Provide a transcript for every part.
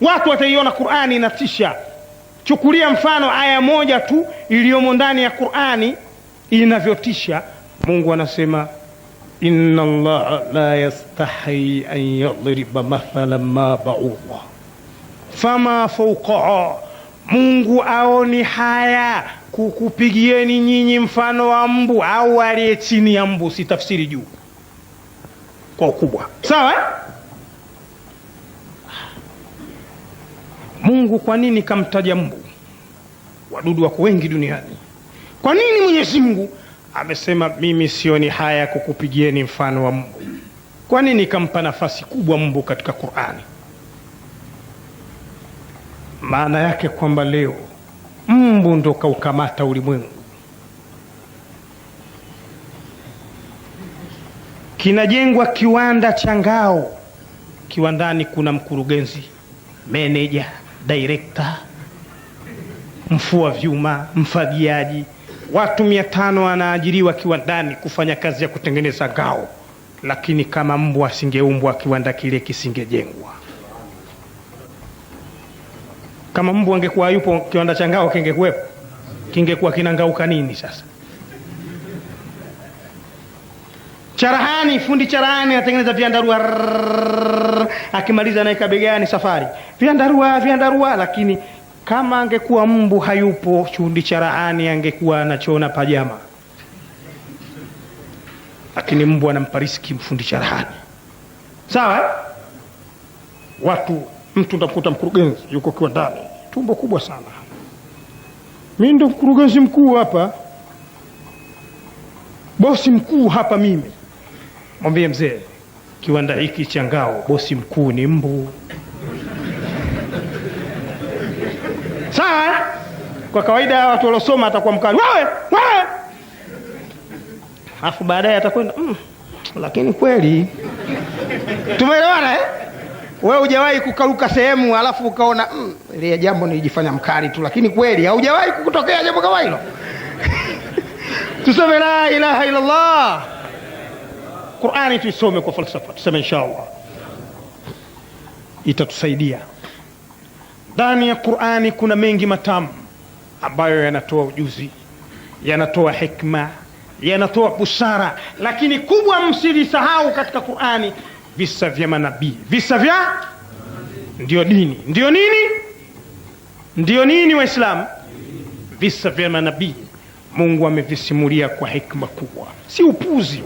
watu wataiona Qur'ani inatisha. Chukulia mfano aya moja tu iliyomo ndani ya Qur'ani inavyotisha. Mungu anasema inna llah la yastahi an yadhriba mathala ma ba'udha fama fawqa, Mungu aoni haya kukupigieni nyinyi mfano wa mbu au aliye chini ya mbu, si tafsiri juu kwa ukubwa, sawa Mungu kwa nini kamtaja mbu? Wadudu wako wengi duniani, kwa nini Mwenyezi Mungu amesema mimi sioni haya kukupigieni mfano wa mbu? Kwa nini kampa nafasi kubwa mbu katika Qur'ani? Maana yake kwamba leo mbu ndo kaukamata ulimwengu, kinajengwa kiwanda cha ngao, kiwandani kuna mkurugenzi, meneja direkta, mfua vyuma, mfagiaji, watu mia tano wanaajiriwa kiwandani kufanya kazi ya kutengeneza ngao, lakini kama mbwa asingeumbwa kiwanda kile kisingejengwa. Kama mbwa angekuwa yupo, kiwanda cha ngao kingekuwepo? Kingekuwa kinangauka nini sasa? Charahani, fundi charahani anatengeneza vyandarua akimaliza naika begani safari, vyandarua vyandarua. Lakini kama angekuwa mbu hayupo chundi cha raani, angekuwa anachona pajama, lakini mbu anampa riski mfundi cha rahani Sawa, eh? watu mtu ntamkuta mkurugenzi yuko kiwandani, tumbo kubwa sana, mi ndo mkurugenzi mkuu hapa, bosi mkuu hapa mimi. Mwambie mzee kiwanda hiki cha ngao, bosi mkuu ni mbu. Sawa, kwa kawaida watu waliosoma atakuwa mkali wewe wewe, alafu baadaye atakwenda mm, lakini kweli tumeelewana eh? Wewe hujawahi kukaruka sehemu alafu ukaona mm, ile jambo nilijifanya mkali tu, lakini kweli haujawahi kukutokea jambo kama hilo. Tuseme la ilaha illallah. Qur'ani tuisome kwa falsafa, tuseme insha Allah itatusaidia. Ndani ya Qur'ani kuna mengi matamu ambayo yanatoa ujuzi, yanatoa hikma, yanatoa busara, lakini kubwa msilisahau katika Qur'ani visa vya manabii. Visa vya ndio dini, ndio nini, ndio nini, Waislamu, visa vya manabii Mungu amevisimulia kwa hikma kubwa, si upuzi.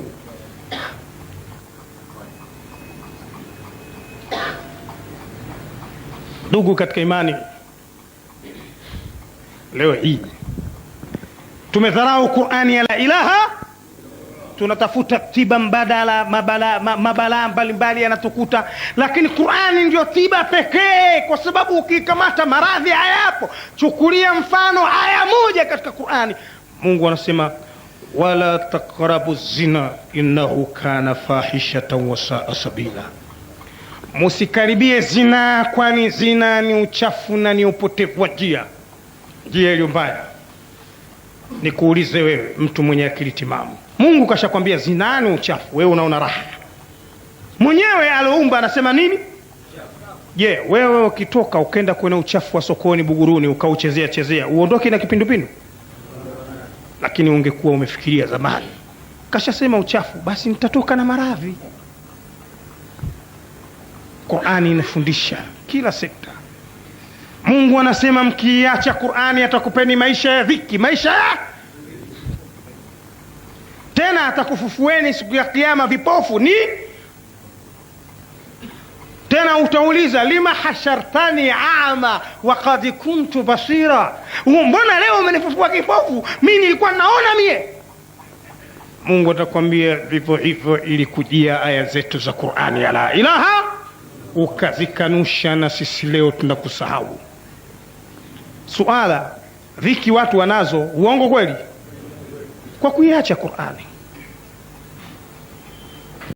Ndugu katika imani, leo hii tumedharau Qur'ani ya la ilaha, tunatafuta tiba mbadala, mabalaa mabala mbalimbali yanatukuta, lakini Qur'ani ndio tiba pekee, kwa sababu ukikamata maradhi hayapo. Chukulia mfano aya moja katika Qur'ani, Mungu anasema wala taqrabu zina innahu kana fahishatan wasaa sabila Musikaribie zinaa, kwani zinaa ni uchafu na ni upotevu wa njia, njia iliyo mbaya. Nikuulize wewe, mtu mwenye akili timamu, Mungu kashakwambia zinaa ni uchafu, wewe unaona raha. Mwenyewe aloumba anasema nini? Je, yeah, wewe ukitoka ukenda kwenye uchafu wa sokoni Buguruni ukauchezea chezea, uondoke na kipindupindu? Lakini ungekuwa umefikiria zamani, kashasema uchafu, basi nitatoka na maradhi. Qur'ani inafundisha kila sekta. Mungu anasema mkiacha Qur'ani atakupeni maisha ya dhiki, maisha ya tena, atakufufueni siku ya kiyama vipofu ni tena utauliza, lima hashartani ama wakad kuntu basira, mbona leo umenifufua kipofu, mi nilikuwa naona mie? Mungu atakwambia vivyo hivyo kujia aya zetu za Qur'ani, la ilaha ukazikanusha, na sisi leo tunakusahau. Suala dhiki watu wanazo, uongo kweli? Kwa kuiacha Qur'ani